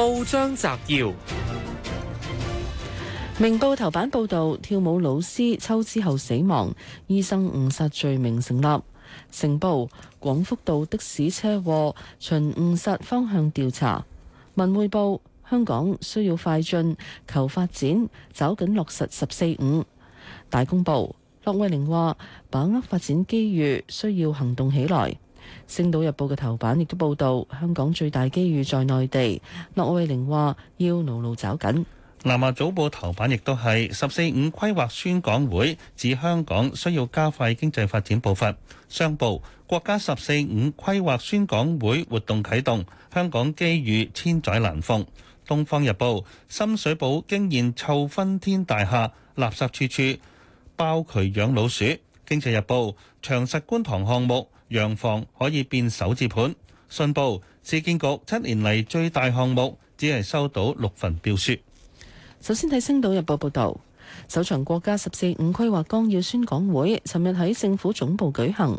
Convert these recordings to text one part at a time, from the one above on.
報章摘要：明報頭版報道，跳舞老師抽脂後死亡，醫生誤殺罪名成立。成報：廣福道的士車禍，循誤殺方向調查。文匯報：香港需要快進求發展，抓緊落實十四五。大公報：駱惠寧話，把握發展機遇，需要行動起來。星島日報嘅頭版亦都報道，香港最大機遇在內地。駱惠寧話要牢牢抓緊。南華早報頭版亦都係十四五規劃宣講會，指香港需要加快經濟發展步伐。商報，國家十四五規劃宣講會活動啟動，香港機遇千載難逢。東方日報，深水埗驚現臭昏天大廈，垃圾處處包渠養老鼠。經濟日報，長實觀塘項目。洋房可以變首字盤，信報市建局七年嚟最大項目只係收到六份標書。首先睇《星島日報》報導，首場國家「十四五」規劃綱要宣講會，尋日喺政府總部舉行。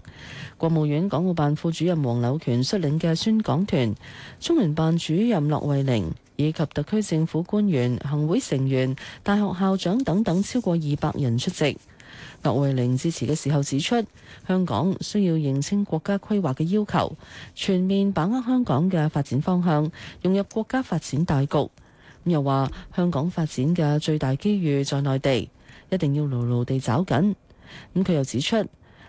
國務院港澳辦副主任黃柳權率領嘅宣講團，中聯辦主任駱惠寧以及特區政府官員、行會成員、大學校長等等超過二百人出席。駱惠寧致辭嘅時候指出，香港需要認清國家規劃嘅要求，全面把握香港嘅發展方向，融入國家發展大局。咁又話香港發展嘅最大機遇在內地，一定要牢牢地抓緊。咁佢又指出，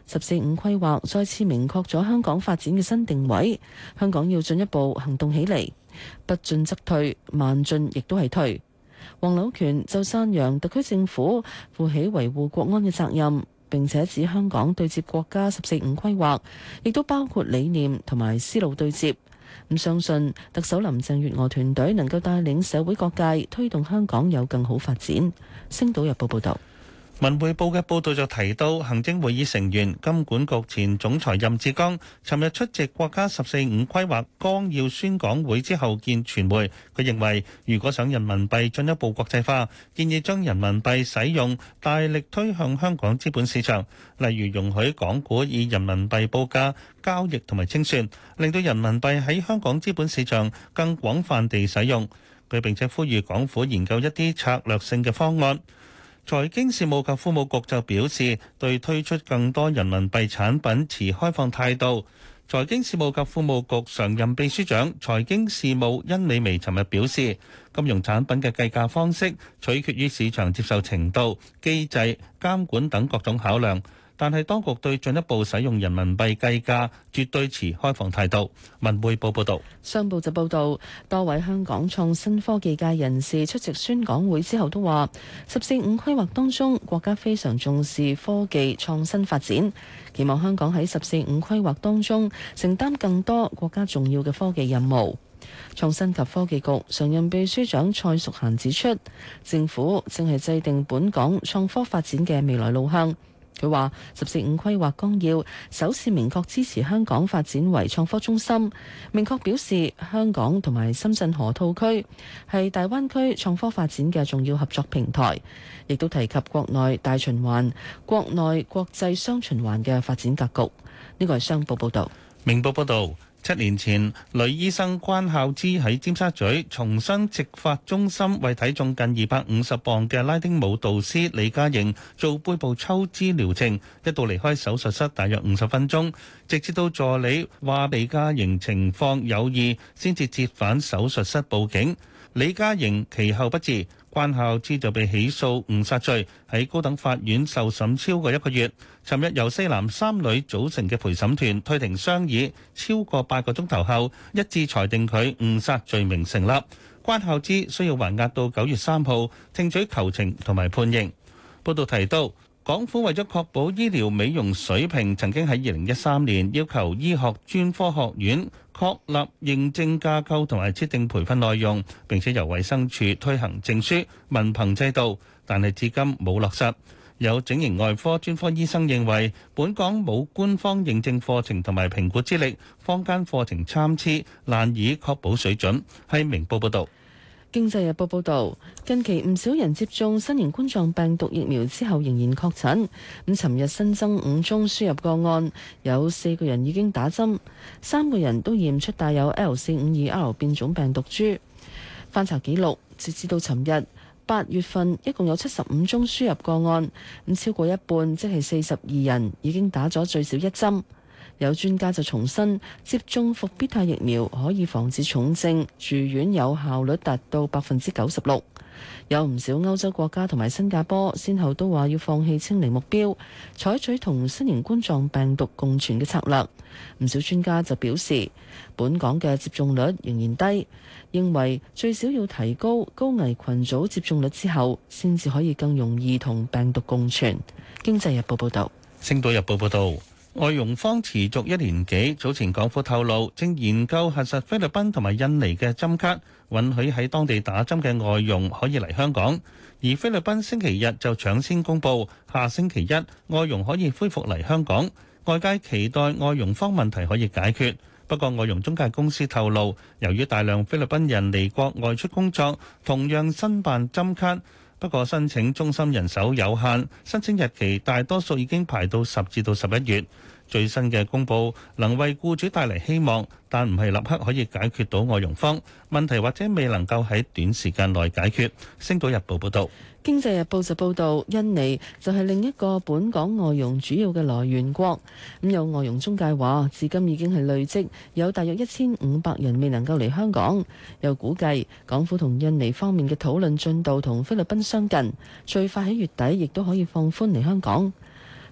十四五規劃再次明確咗香港發展嘅新定位，香港要進一步行動起嚟，不進則退，慢進亦都係退。黃柳權就讚揚特區政府負起維護國安嘅責任，並且指香港對接國家十四五規劃，亦都包括理念同埋思路對接。咁相信特首林鄭月娥團隊能夠帶領社會各界推動香港有更好發展。星島日報報道。《文匯報》嘅報道就提到，行政會議成員金管局前總裁任志剛，尋日出席國家“十四五”規劃綱要宣講會之後見傳媒。佢認為，如果想人民幣進一步國際化，建議將人民幣使用大力推向香港資本市場，例如容許港股以人民幣報價、交易同埋清算，令到人民幣喺香港資本市場更廣泛地使用。佢並且呼籲港府研究一啲策略性嘅方案。財經事務及庫務局就表示，對推出更多人民幣產品持開放態度。財經事務及庫務局常任秘書長財經事務甄美薇尋日表示，金融產品嘅計價方式取決於市場接受程度、機制、監管等各種考量。但係當局對進一步使用人民幣計價絕對持開放態度。文匯報報導，商報就報道多位香港創新科技界人士出席宣講會之後，都話：十四五規劃當中，國家非常重視科技創新發展，期望香港喺十四五規劃當中承擔更多國家重要嘅科技任務。創新及科技局常任秘書長蔡淑嫻指出，政府正係制定本港創科發展嘅未來路向。佢話：十四五規劃綱要首次明確支持香港發展為創科中心，明確表示香港同埋深圳河套區係大灣區創科發展嘅重要合作平台，亦都提及國內大循環、國內國際雙循環嘅發展格局。呢個係商報報導。明報報導。七年前，女醫生關孝芝喺尖沙咀重新植髮中心為體重近二百五十磅嘅拉丁舞導師李嘉瑩做背部抽脂療程，一度離開手術室大約五十分鐘，直至到助理話李嘉瑩情況有異，先至折返手術室報警。李嘉瑩其後不治。關孝之就被起訴誤殺罪，喺高等法院受審超過一個月。尋日由四男三女組成嘅陪審團退庭商議超過八個鐘頭後，一致裁定佢誤殺罪名成立。關孝之需要還押到九月三號聽取求情同埋判刑。報道提到，港府為咗確保醫療美容水平，曾經喺二零一三年要求醫學專科學院。確立認證架構同埋設定培訓內容，並且由衛生署推行證書文憑制度，但係至今冇落實。有整形外科專科醫生認為，本港冇官方認證課程同埋評估資歷，坊間課程參差，難以確保水準。喺《明報》報道。經濟日報報道，近期唔少人接種新型冠狀病毒疫苗之後仍然確診。咁，尋日新增五宗輸入個案，有四個人已經打針，三個人都驗出帶有 L 四五二 R 變種病毒株。翻查記錄，截至到尋日八月份，一共有七十五宗輸入個案，咁超過一半，即係四十二人已經打咗最少一針。有專家就重申，接種復必泰疫苗可以防止重症住院，有效率達到百分之九十六。有唔少歐洲國家同埋新加坡，先後都話要放棄清零目標，採取同新型冠狀病毒共存嘅策略。唔少專家就表示，本港嘅接種率仍然低，認為最少要提高高危群組接種率之後，先至可以更容易同病毒共存。經濟日報報，日報報導，星島日報報導。外傭方持續一年幾，早前港府透露正研究核實菲律賓同埋印尼嘅針卡，允許喺當地打針嘅外傭可以嚟香港。而菲律賓星期日就搶先公佈，下星期一外傭可以恢復嚟香港。外界期待外傭方問題可以解決。不過外傭中介公司透露，由於大量菲律賓人離國外出工作，同樣申辦針卡。不過申請中心人手有限，申請日期大多數已經排到十至到十一月。最新嘅公布能為僱主帶嚟希望，但唔係立刻可以解決到外傭方問題，或者未能夠喺短時間內解決。星島日報報道，《經濟日報》就報導印尼就係另一個本港外傭主要嘅來源國。咁有外傭中介話，至今已經係累積有大約一千五百人未能夠嚟香港。又估計港府同印尼方面嘅討論進度同菲律賓相近，最快喺月底亦都可以放寬嚟香港。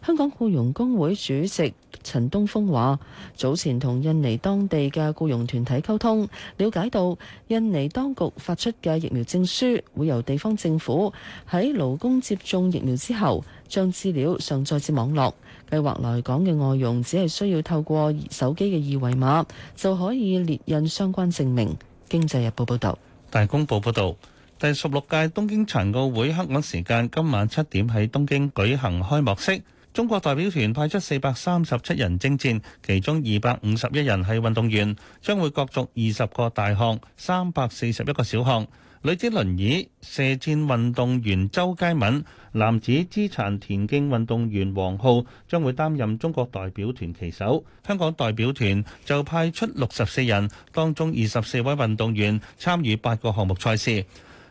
香港雇傭工會主席，陳東峰話：早前同印尼當地嘅僱傭團體溝通，了解到印尼當局發出嘅疫苗證書會由地方政府喺勞工接種疫苗之後，將資料上載至網絡。計劃來港嘅外傭只係需要透過手機嘅二維碼就可以列印相關證明。經濟日報報道、大公報報道，第十六屆東京殘奧會黑暗時間今晚七點喺東京舉行開幕式。中國代表團派出四百三十七人征戰，其中二百五十一人係運動員，將會角逐二十個大項、三百四十一個小項。女子輪椅射箭運動員周佳敏、男子肢殘田徑運動員王浩將會擔任中國代表團旗手。香港代表團就派出六十四人，當中二十四位運動員參與八個項目賽事。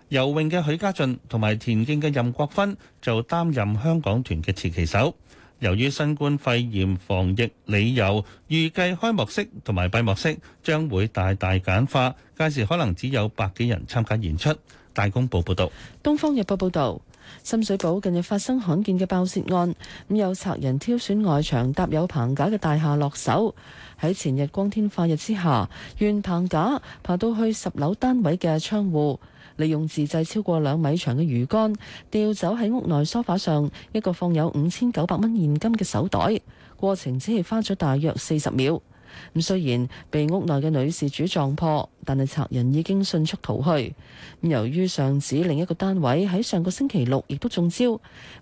游泳嘅許家俊同埋田徑嘅任國芬就擔任香港團嘅持旗手。由於新冠肺炎防疫理由，預計開幕式同埋閉幕式將會大大簡化，屆時可能只有百幾人參加演出。大公報報道。東方日報報道，深水埗近日發生罕見嘅爆竊案，咁有賊人挑選外牆搭有棚架嘅大廈落手，喺前日光天化日之下，沿棚架爬到去十樓單位嘅窗戶。利用自製超過兩米長嘅魚竿，吊走喺屋內梳化上一個放有五千九百蚊現金嘅手袋，過程只係花咗大約四十秒。咁雖然被屋內嘅女事主撞破，但係賊人已經迅速逃去。咁由於上址另一個單位喺上個星期六亦都中招，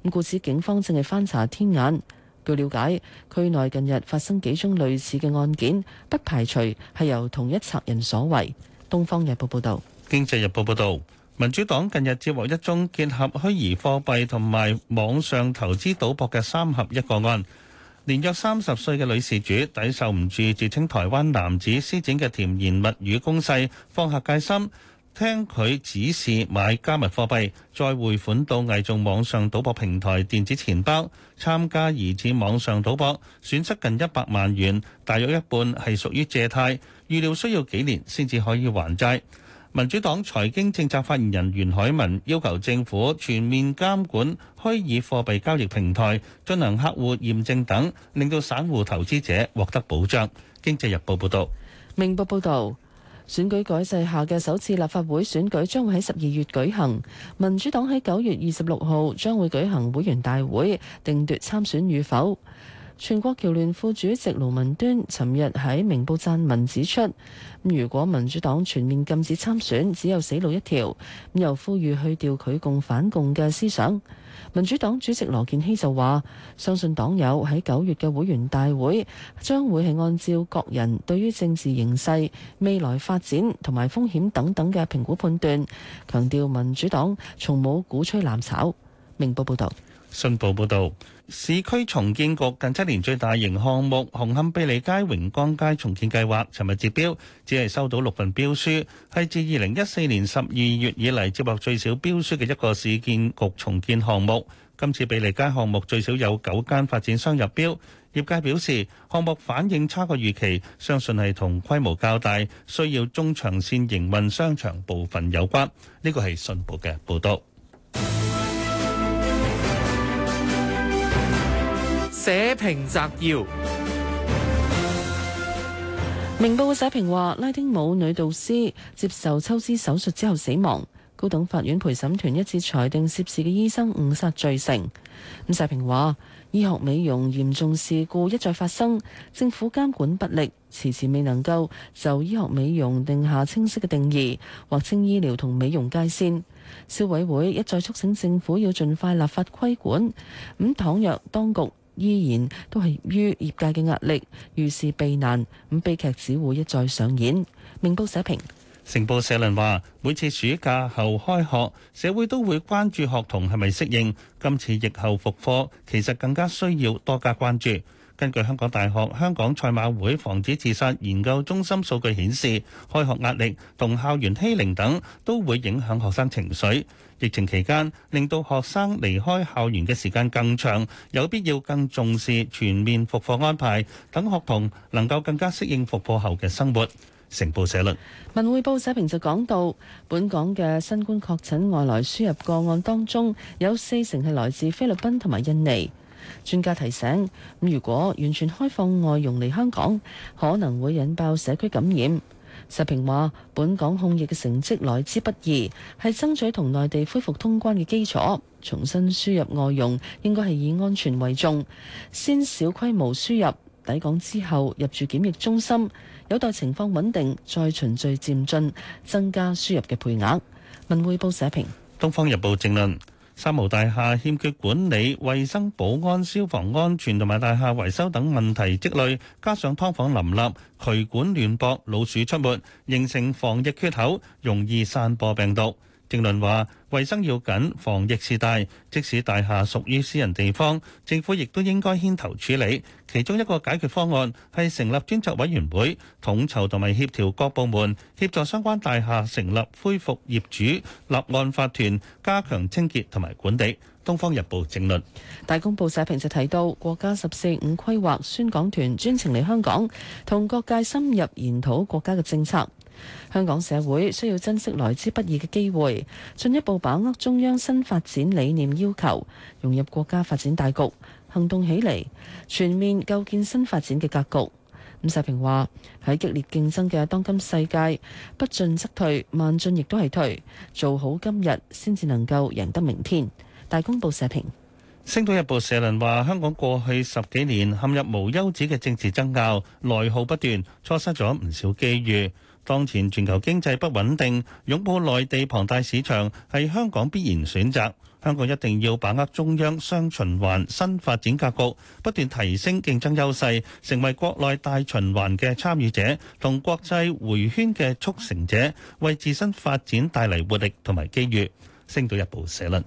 咁故此警方正係翻查天眼。據了解，區內近日發生幾宗類似嘅案件，不排除係由同一賊人所為。《東方日報》報道。經濟日報報道，民主黨近日接獲一宗結合虛擬貨幣同埋網上投資賭博嘅三合一個案。年約三十歲嘅女事主抵受唔住自稱台灣男子施展嘅甜言蜜語攻勢，放下戒心，聽佢指示買加密貨幣，再匯款到偽造網上賭博平台電子錢包，參加疑似網上賭博，損失近一百萬元，大約一半係屬於借貸，預料需要幾年先至可以還債。民主黨財經政策發言人袁海文要求政府全面監管虛擬貨幣交易平台，進行客戶驗證等，令到散戶投資者獲得保障。經濟日報報道：「明報報道，選舉改制下嘅首次立法會選舉將會喺十二月舉行。民主黨喺九月二十六號將會舉行會員大會，定奪參選與否。」全國僑聯副主席盧文端尋日喺明報撰文指出，如果民主黨全面禁止參選，只有死路一條。咁又呼籲去掉佢共反共嘅思想。民主黨主席羅健熙就話：相信黨友喺九月嘅會員大會將會係按照各人對於政治形勢未來發展同埋風險等等嘅評估判斷。強調民主黨從冇鼓吹攬炒。明報報道。信報報導，市區重建局近七年最大型項目紅磡比利街、榮光街重建計劃，尋日接標，只係收到六份標書，係自二零一四年十二月以嚟接獲最少標書嘅一個市建局重建項目。今次比利街項目最少有九間發展商入標，業界表示項目反應差過預期，相信係同規模較大、需要中長線營運商場部分有關。呢個係信報嘅報導。社評摘要，明報社評話：拉丁舞女導師接受抽脂手術之後死亡，高等法院陪審團一致裁定涉事嘅醫生誤殺罪成。咁，社評話：醫學美容嚴重事故一再發生，政府監管不力，遲遲未能夠就醫學美容定下清晰嘅定義，劃清醫療同美容界線。消委會一再促請政府要盡快立法規管。咁，倘若當局依然都係於業界嘅壓力，遇事避難，咁悲劇只會一再上演。明報社評。城報社論話，每次暑假後開學，社會都會關注學童係咪適應，今次疫後復課，其實更加需要多加關注。根據香港大學香港賽馬會防止自殺研究中心數據顯示，開學壓力同校園欺凌等都會影響學生情緒。疫情期間令到學生離開校園嘅時間更長，有必要更重視全面復課安排，等學童能夠更加適應復課後嘅生活。成報社論，文匯報社評就講到，本港嘅新冠確診外來輸入個案當中有四成係來自菲律賓同埋印尼。專家提醒，咁如果完全開放外傭嚟香港，可能會引爆社區感染。石平話：本港控疫嘅成績來之不易，係爭取同內地恢復通關嘅基礎。重新輸入外傭應該係以安全為重，先小規模輸入抵港之後入住檢疫中心，有待情況穩定再循序漸進增加輸入嘅配額。文匯報社評，《東方日報》正論。三無大廈欠缺管理、衛生、保安、消防安全同埋大廈維修等問題積累，加上劏房林立、渠管亂駁、老鼠出沒，形成防疫缺口，容易散播病毒。政論話衞生要緊，防疫是大。即使大廈屬於私人地方，政府亦都應該牽頭處理。其中一個解決方案係成立專責委員會，統籌同埋協調各部門，協助相關大廈成立恢復業主立案法團，加強清潔同埋管理。《東方日報》政論。大公報社平時提到，國家十四五規劃宣講團專程嚟香港，同各界深入研討國家嘅政策。香港社會需要珍惜來之不易嘅機會，進一步把握中央新發展理念要求，融入國家發展大局，行動起嚟，全面構建新發展嘅格局。伍世平話喺激烈競爭嘅當今世界，不進則退，慢進亦都係退，做好今日先至能夠贏得明天。大公報社評，《星島日報》社論話：香港過去十幾年陷入無休止嘅政治爭拗，內耗不斷，錯失咗唔少機遇。當前全球經濟不穩定，擁抱內地龐大市場係香港必然選擇。香港一定要把握中央雙循環新發展格局，不斷提升競爭優勢，成為國內大循環嘅參與者同國際迴圈嘅促成者，為自身發展帶嚟活力同埋機遇。星島日報社論。